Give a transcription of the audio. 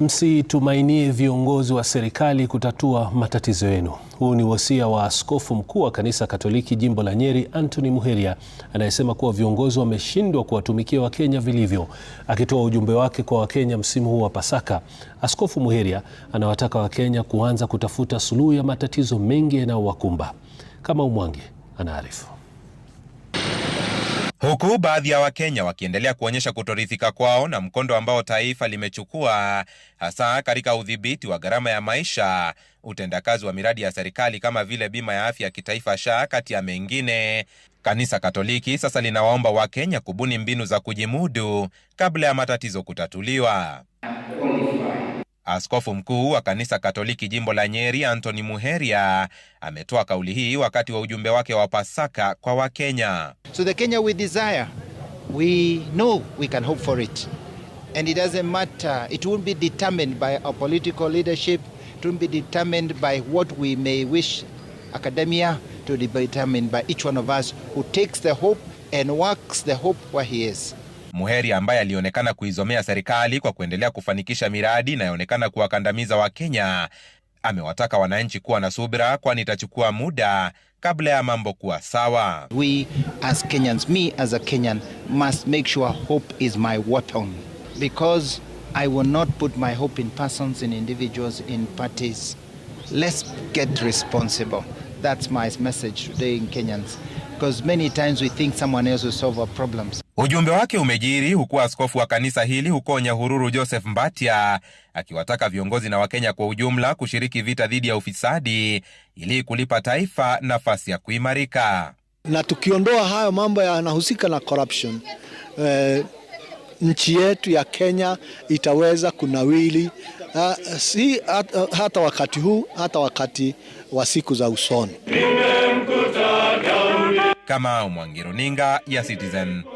Msitumainie viongozi wa serikali kutatua matatizo yenu. Huu ni wasia wa askofu mkuu wa kanisa Katoliki jimbo la Nyeri, Anthony Muheria, anayesema kuwa viongozi wameshindwa kuwatumikia Wakenya vilivyo. Akitoa ujumbe wake kwa Wakenya msimu huu wa Pasaka, Askofu Muheria anawataka Wakenya kuanza kutafuta suluhu ya matatizo mengi yanayowakumba. Kama umwange anaarifu huku baadhi ya Wakenya wakiendelea kuonyesha kutoridhika kwao na mkondo ambao taifa limechukua hasa katika udhibiti wa gharama ya maisha, utendakazi wa miradi ya serikali kama vile bima ya afya ya kitaifa SHA, kati ya mengine. Kanisa Katoliki sasa linawaomba Wakenya kubuni mbinu za kujimudu kabla ya matatizo kutatuliwa. Askofu mkuu wa kanisa Katoliki jimbo la Nyeri Anthony Muheria ametoa kauli hii wakati wa ujumbe wake wa Pasaka kwa Wakenya. So the Kenya we desire, we know we can hope for it. And it doesn't matter, it won't be determined by our political leadership, it won't be determined by what we may wish academia to be determined by each one of us who takes the hope and works the hope where he is. Muheri ambaye alionekana kuizomea serikali kwa kuendelea kufanikisha miradi inayoonekana kuwakandamiza Wakenya, amewataka wananchi kuwa na subira, kwani itachukua muda kabla ya mambo kuwa sawa. We as Kenyans, me as a Kenyan must make sure hope is my weapon because I will not put my hope in persons, in individuals, in parties. Let's get responsible. That's my message today in Kenyans because many times we think someone else will solve our problems. Ujumbe wake umejiri huku askofu wa kanisa hili huko Nyahururu Joseph Mbatia akiwataka viongozi na Wakenya kwa ujumla kushiriki vita dhidi ya ufisadi ili kulipa taifa nafasi ya kuimarika. Na tukiondoa hayo mambo yanahusika na corruption eh, nchi yetu ya Kenya itaweza kunawili uh, si hata, eh, hata wakati huu hata wakati wa siku za usoni. Kamau Mwangi, runinga ya Citizen.